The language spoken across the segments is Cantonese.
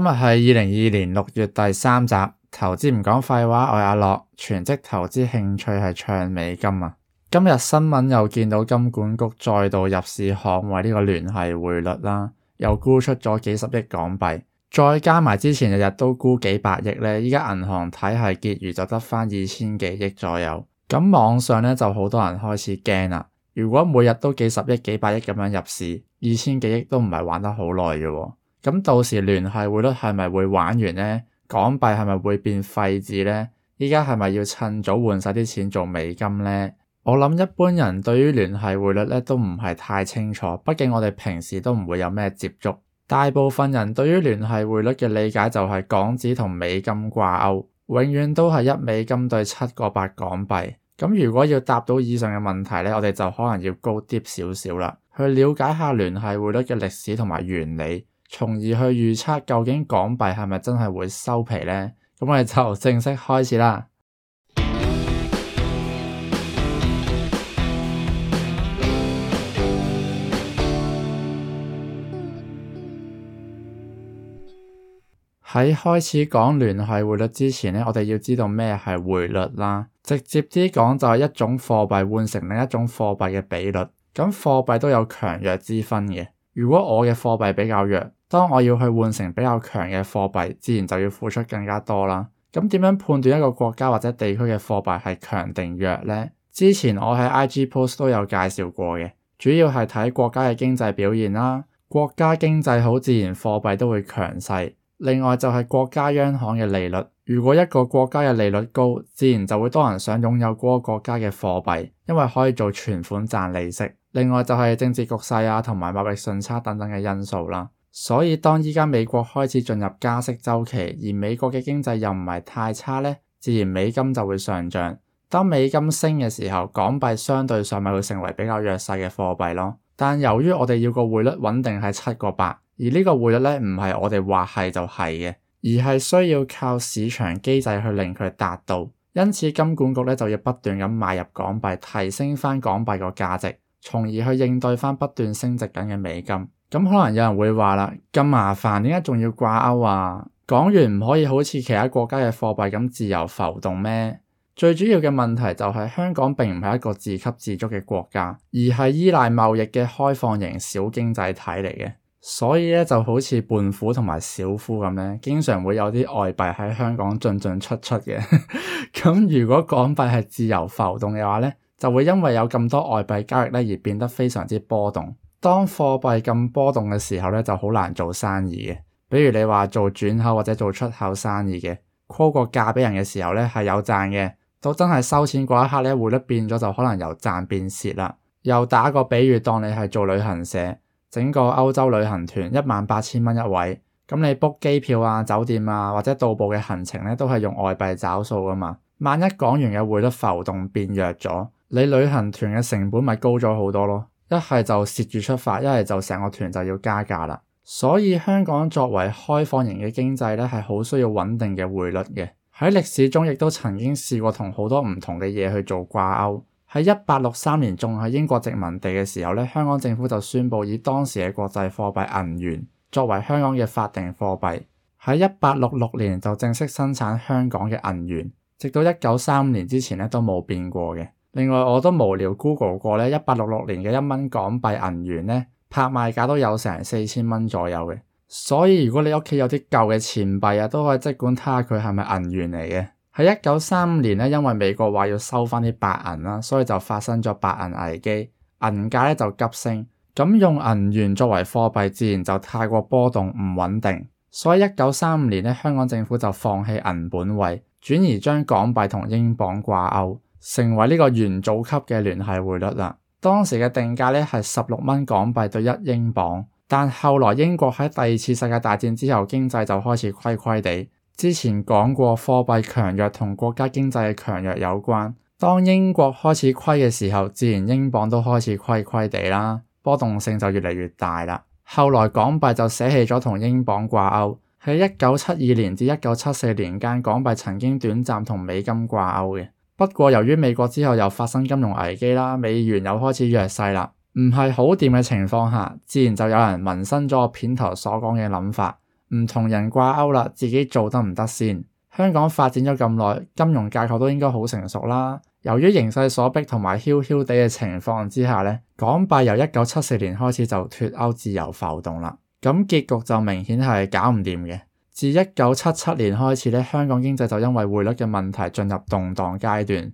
今日係二零二二年六月第三集，投資唔講廢話，我係阿樂，全職投資，興趣係唱美金啊！今日新聞又見到金管局再度入市捍衛呢個聯繫匯率啦，又沽出咗幾十億港幣，再加埋之前日日都沽幾百億咧，依家銀行體系結餘就得翻二千幾億左右。咁網上咧就好多人開始驚啦，如果每日都幾十億、幾百億咁樣入市，二千幾億都唔係玩得好耐嘅喎。咁到時聯繫匯率係咪會玩完呢？港幣係咪會變廢紙呢？依家係咪要趁早換曬啲錢做美金呢？我諗一般人對於聯繫匯率呢都唔係太清楚，畢竟我哋平時都唔會有咩接觸。大部分人對於聯繫匯率嘅理解就係港紙同美金掛鈎，永遠都係一美金對七個八港幣。咁如果要答到以上嘅問題呢，我哋就可能要高啲少少啦，去了解下聯繫匯率嘅歷史同埋原理。從而去預測究竟港幣係咪真係會收皮呢？咁我哋就正式開始啦。喺 開始講聯繫匯率之前呢，我哋要知道咩係匯率啦。直接啲講就係一種貨幣換成另一種貨幣嘅比率。咁貨幣都有強弱之分嘅。如果我嘅貨幣比較弱。當我要去換成比較強嘅貨幣，自然就要付出更加多啦。咁點樣判斷一個國家或者地區嘅貨幣係強定弱呢？之前我喺 IG post 都有介紹過嘅，主要係睇國家嘅經濟表現啦。國家經濟好，自然貨幣都會強勢。另外就係國家央行嘅利率，如果一個國家嘅利率高，自然就會多人想擁有嗰個國家嘅貨幣，因為可以做存款賺利息。另外就係政治局勢啊，同埋貿易順差等等嘅因素啦。所以當依家美國開始進入加息週期，而美國嘅經濟又唔係太差咧，自然美金就會上漲。當美金升嘅時候，港幣相對上咪會成為比較弱勢嘅貨幣咯。但由於我哋要個匯率穩定喺七個八，而呢個匯率呢唔係我哋話係就係嘅，而係需要靠市場機制去令佢達到。因此，金管局呢就要不斷咁買入港幣，提升翻港幣個價值，從而去應對翻不斷升值緊嘅美金。咁可能有人會話啦，咁麻煩，點解仲要掛鈎啊？港元唔可以好似其他國家嘅貨幣咁自由浮動咩？最主要嘅問題就係香港並唔係一個自給自足嘅國家，而係依賴貿易嘅開放型小經濟體嚟嘅。所以呢就好似胖虎同埋小夫咁咧，經常會有啲外幣喺香港進進出出嘅。咁 如果港幣係自由浮動嘅話呢，就會因為有咁多外幣交易咧而變得非常之波動。當貨幣咁波動嘅時候咧，就好難做生意嘅。比如你話做轉口或者做出口生意嘅，call 個價畀人嘅時候咧係有賺嘅。到真係收錢嗰一刻咧，匯率變咗就可能由賺變蝕啦。又打個比喻，當你係做旅行社，整個歐洲旅行團一萬八千蚊一位，咁你 book 機票啊、酒店啊或者到步嘅行程咧，都係用外幣找數噶嘛。萬一港元嘅匯率浮動變弱咗，你旅行團嘅成本咪高咗好多咯？一係就蝕住出發，一係就成個團就要加價啦。所以香港作為開放型嘅經濟呢，係好需要穩定嘅匯率嘅。喺歷史中亦都曾經試過同好多唔同嘅嘢去做掛鈎。喺一八六三年仲喺英國殖民地嘅時候呢，香港政府就宣布以當時嘅國際貨幣銀元作為香港嘅法定貨幣。喺一八六六年就正式生產香港嘅銀元，直到一九三五年之前呢都冇變過嘅。另外，我都無聊 Google 過咧，一八六六年嘅一蚊港幣銀元咧，拍賣價都有成四千蚊左右嘅。所以如果你屋企有啲舊嘅錢幣啊，都可以即管睇下佢係咪銀元嚟嘅。喺一九三五年咧，因為美國話要收翻啲白銀啦，所以就發生咗白銀危機，銀價咧就急升。咁用銀元作為貨幣，自然就太過波動唔穩定。所以一九三五年咧，香港政府就放棄銀本位，轉而將港幣同英鎊掛鈎。成為呢個元祖級嘅聯繫匯率啦。當時嘅定價呢係十六蚊港幣兌一英鎊，但後來英國喺第二次世界大戰之後經濟就開始虧虧地。之前講過貨幣強弱同國家經濟嘅強弱有關，當英國開始虧嘅時候，自然英鎊都開始虧虧地啦，波動性就越嚟越大啦。後來港幣就捨棄咗同英鎊掛鈎，喺一九七二年至一九七四年間，港幣曾經短暫同美金掛鈎嘅。不過，由於美國之後又發生金融危機啦，美元又開始弱勢啦，唔係好掂嘅情況下，自然就有人萌生咗片頭所講嘅諗法，唔同人掛鈎啦，自己做得唔得先。香港發展咗咁耐，金融架構都應該好成熟啦。由於形勢所迫同埋囂囂地嘅情況之下呢，港幣由一九七四年開始就脫鈎自由浮動啦，咁結局就明顯係搞唔掂嘅。自一九七七年開始咧，香港經濟就因為匯率嘅問題進入動盪階段，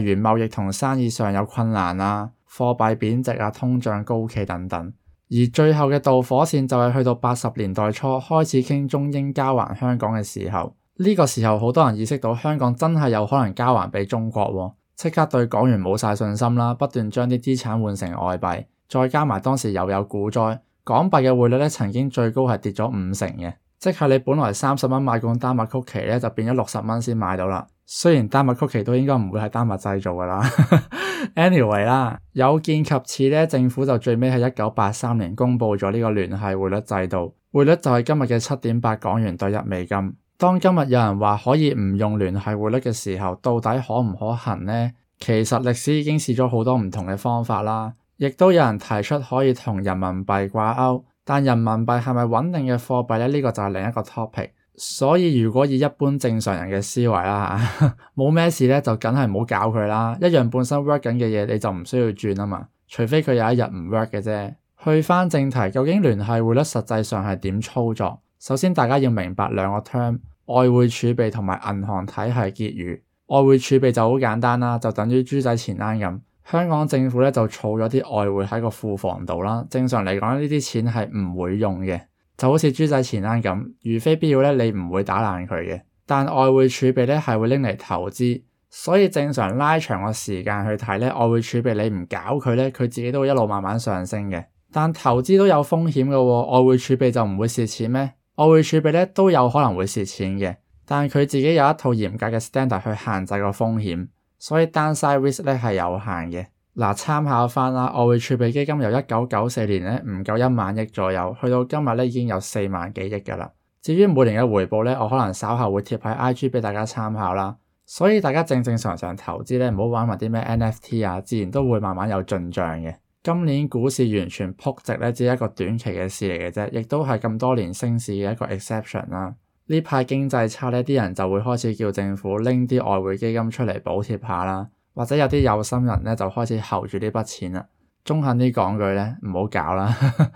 例如貿易同生意上有困難啦、啊、貨幣貶值啊、通脹高企等等。而最後嘅導火線就係去到八十年代初開始傾中英交還香港嘅時候，呢、這個時候好多人意識到香港真係有可能交還畀中國喎、啊，即刻對港元冇晒信心啦，不斷將啲資產換成外幣，再加埋當時又有股災，港幣嘅匯率咧曾經最高係跌咗五成嘅。即係你本來三十蚊買罐丹麥曲奇咧，就變咗六十蚊先買到啦。雖然丹麥曲奇都應該唔會係丹麥製造噶啦。 Anyway 啦，有見及此咧，政府就最尾喺一九八三年公布咗呢個聯繫匯率制度，匯率就係今日嘅七點八港元兌一美金。當今日有人話可以唔用聯繫匯率嘅時候，到底可唔可行呢？其實歷史已經試咗好多唔同嘅方法啦，亦都有人提出可以同人民幣掛鈎。但人民幣係咪穩定嘅貨幣咧？呢個就係另一個 topic。所以如果以一般正常人嘅思維啦嚇，冇 咩事咧，就梗係唔好搞佢啦。一樣本身 work 緊嘅嘢，你就唔需要轉啊嘛。除非佢有一日唔 work 嘅啫。去翻正題，究竟聯繫匯率實際上係點操作？首先大家要明白兩個 term：外匯儲備同埋銀行體系結餘。外匯儲備就好簡單啦，就等於豬仔錢罌噉。香港政府呢就儲咗啲外匯喺個庫房度啦。正常嚟講，呢啲錢係唔會用嘅，就好似豬仔錢鈔錢罌咁，如非必要呢，你唔會打爛佢嘅。但外匯儲備呢係會拎嚟投資，所以正常拉長個時間去睇呢，外匯儲備你唔搞佢呢，佢自己都會一路慢慢上升嘅。但投資都有風險㗎喎，外匯儲備就唔會蝕錢咩？外匯儲備呢都有可能會蝕錢嘅，但佢自己有一套嚴格嘅 standard 去限制個風險。所以 downside risk 咧係有限嘅。嗱、啊，參考翻啦，外匯儲備基金由一九九四年咧唔夠一萬億左右，去到今日咧已經有四萬幾億噶啦。至於每年嘅回報咧，我可能稍後會貼喺 IG 俾大家參考啦。所以大家正正常常投資咧，唔好玩埋啲咩 NFT 啊，自然都會慢慢有進賬嘅。今年股市完全撲直咧，只係一個短期嘅事嚟嘅啫，亦都係咁多年升市嘅一個 exception 啦。呢排經濟差呢啲人就會開始叫政府拎啲外匯基金出嚟補貼下啦，或者有啲有心人呢就開始睺住呢筆錢啦。中肯啲講句呢，唔好搞啦。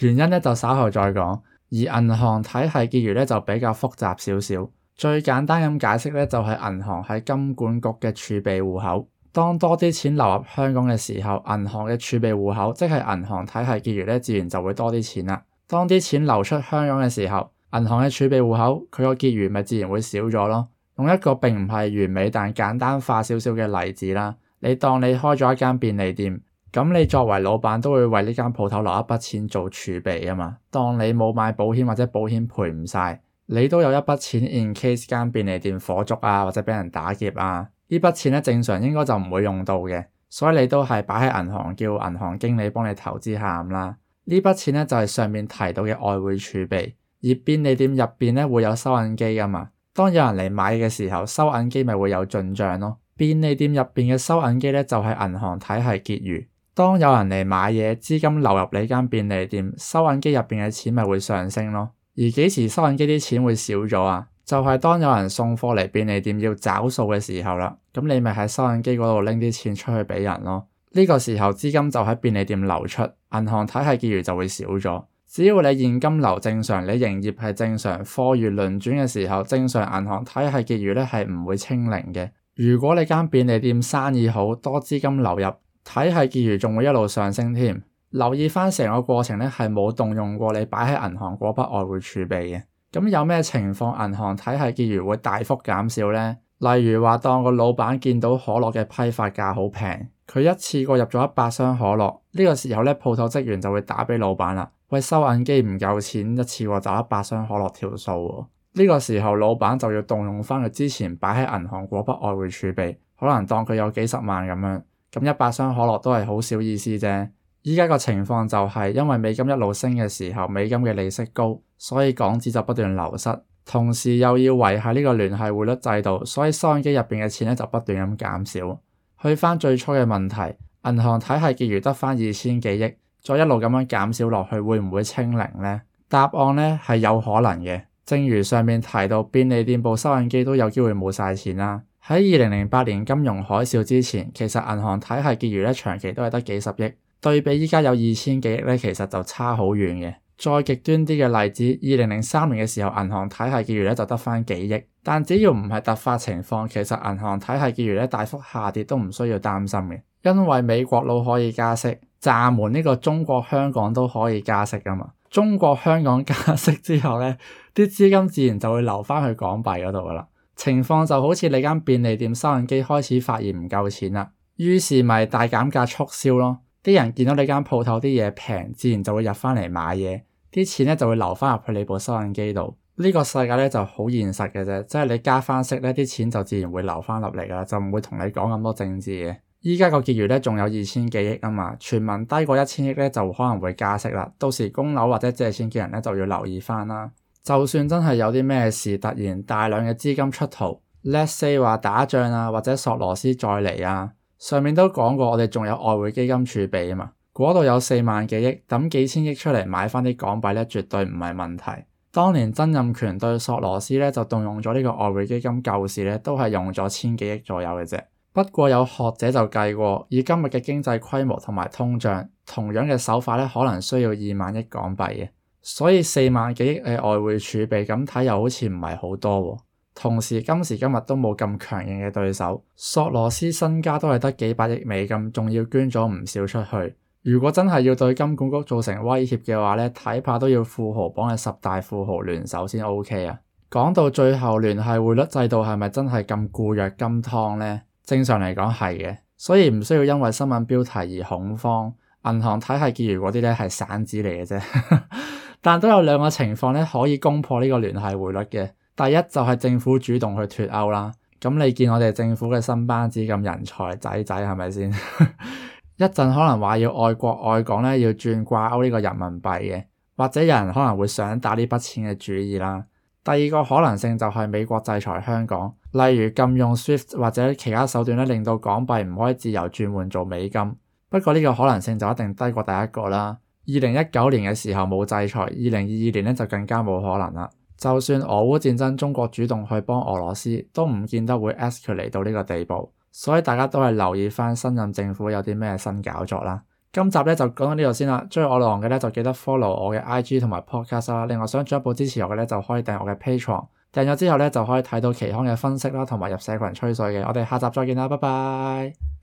原因呢就稍後再講。而銀行體系結餘呢就比較複雜少少，最簡單咁解釋呢，就係銀行喺金管局嘅儲備戶口，當多啲錢流入香港嘅時候，銀行嘅儲備戶口，即係銀行體系結餘呢，自然就會多啲錢啦。當啲錢流出香港嘅時候，銀行嘅儲備戶口，佢個結餘咪自然會少咗咯。用一個並唔係完美但簡單化少少嘅例子啦，你當你開咗一間便利店，咁你作為老闆都會為呢間鋪頭留一筆錢做儲備啊嘛。當你冇買保險或者保險賠唔晒，你都有一筆錢 in case 間便利店火燭啊或者畀人打劫啊。呢筆錢咧，正常應該就唔會用到嘅，所以你都係擺喺銀行，叫銀行經理幫你投資下咁啦。呢筆錢咧就係上面提到嘅外匯儲備。而便利店入邊咧會有收銀機噶嘛，當有人嚟買嘅時候，收銀機咪會有進賬咯。便利店入邊嘅收銀機咧就係銀行體系結餘，當有人嚟買嘢，資金流入你間便利店，收銀機入邊嘅錢咪會上升咯。而幾時收銀機啲錢會少咗啊？就係當有人送貨嚟便利店要找數嘅時候啦，咁你咪喺收銀機嗰度拎啲錢出去畀人咯。呢個時候資金就喺便利店流出，銀行體系結餘就會少咗。只要你現金流正常，你營業係正常，貨如輪轉嘅時候，正常銀行體系結餘咧係唔會清零嘅。如果你間便利店生意好多資金流入，體系結餘仲會一路上升添。留意翻成個過程咧係冇動用過你擺喺銀行嗰筆外匯儲備嘅。咁有咩情況銀行體系結餘會大幅減少咧？例如話當個老闆見到可樂嘅批發價好平，佢一次過入咗一百箱可樂，呢個時候咧鋪頭職員就會打畀老闆啦。喂，收銀機唔夠錢一次喎，就一百箱可樂條數喎。呢個時候老闆就要動用翻佢之前擺喺銀行嗰筆外匯儲備，可能當佢有幾十萬咁樣。咁一百箱可樂都係好少意思啫。依家個情況就係因為美金一路升嘅時候，美金嘅利息高，所以港紙就不斷流失，同時又要維係呢個聯繫匯率制度，所以收銀機入面嘅錢咧就不斷咁減少。去翻最初嘅問題，銀行體系結餘得翻二千幾億。再一路咁樣減少落去，會唔會清零呢？答案呢係有可能嘅。正如上面提到，便利店部收銀機都有機會冇晒錢啦。喺二零零八年金融海嘯之前，其實銀行體系結餘呢長期都係得幾十億，對比依家有二千幾億呢，其實就差好遠嘅。再極端啲嘅例子，二零零三年嘅時候，銀行體系結餘呢就得返幾億。但只要唔係突發情況，其實銀行體系結餘呢大幅下跌都唔需要擔心嘅，因為美國佬可以加息。閘門呢個中國香港都可以加息噶嘛？中國香港加息之後咧，啲資金自然就會流翻去港幣嗰度噶啦。情況就好似你間便利店收銀機開始發現唔夠錢啦，於是咪大減價促銷咯。啲人見到你間鋪頭啲嘢平，自然就會入翻嚟買嘢，啲錢咧就會流翻入去你部收銀機度。呢、這個世界咧就好現實嘅啫，即係你加翻息咧，啲錢就自然會流翻入嚟噶啦，就唔會同你講咁多政治嘅。依家個結餘咧仲有二千幾億啊嘛，傳聞低過一千億咧就可能會加息啦。到時供樓或者借錢嘅人咧就要留意翻啦。就算真係有啲咩事突然大量嘅資金出逃，Let's say 話打仗啊或者索羅斯再嚟啊，上面都講過我哋仲有外匯基金儲備啊嘛，嗰度有四萬幾億，抌幾千億出嚟買翻啲港幣咧絕對唔係問題。當年曾蔭權對索羅斯咧就動用咗呢個外匯基金救市咧，都係用咗千幾億左右嘅啫。不過有學者就計過，以今日嘅經濟規模同埋通脹，同樣嘅手法咧，可能需要二萬億港幣嘅，所以四萬幾億嘅外匯儲備咁睇又好似唔係好多啊。同時今時今日都冇咁強硬嘅對手，索羅斯身家都係得幾百億美金，仲要捐咗唔少出去。如果真係要對金管局造成威脅嘅話咧，睇怕都要富豪榜嘅十大富豪聯手先 OK 啊。講到最後，聯繫匯率制度係咪真係咁固若金湯咧？正常嚟講係嘅，所以唔需要因為新聞標題而恐慌。銀行體系結餘嗰啲咧係散紙嚟嘅啫， 但都有兩個情況咧可以攻破呢個聯繫匯率嘅。第一就係政府主動去脫鈎啦。咁你見我哋政府嘅新班子咁人才仔仔係咪先？ 一陣可能話要愛國愛港咧，要轉掛鈎呢個人民幣嘅，或者有人可能會想打呢筆錢嘅主意啦。第二個可能性就係美國制裁香港，例如禁用 Swift 或者其他手段令到港幣唔可以自由轉換做美金。不過呢個可能性就一定低過第一個啦。二零一九年嘅時候冇制裁，二零二二年咧就更加冇可能啦。就算俄烏戰爭，中國主動去幫俄羅斯，都唔見得會 escalate 到呢個地步。所以大家都係留意返新任政府有啲咩新搞作啦。今集咧就講到呢度先啦。鍾意我浪嘅咧就記得 follow 我嘅 IG 同埋 podcast 啦。另外想進一步支持我嘅咧就可以訂我嘅 Patreon。訂咗之後咧就可以睇到其他嘅分析啦，同埋入社群吹水嘅。我哋下集再見啦，拜拜。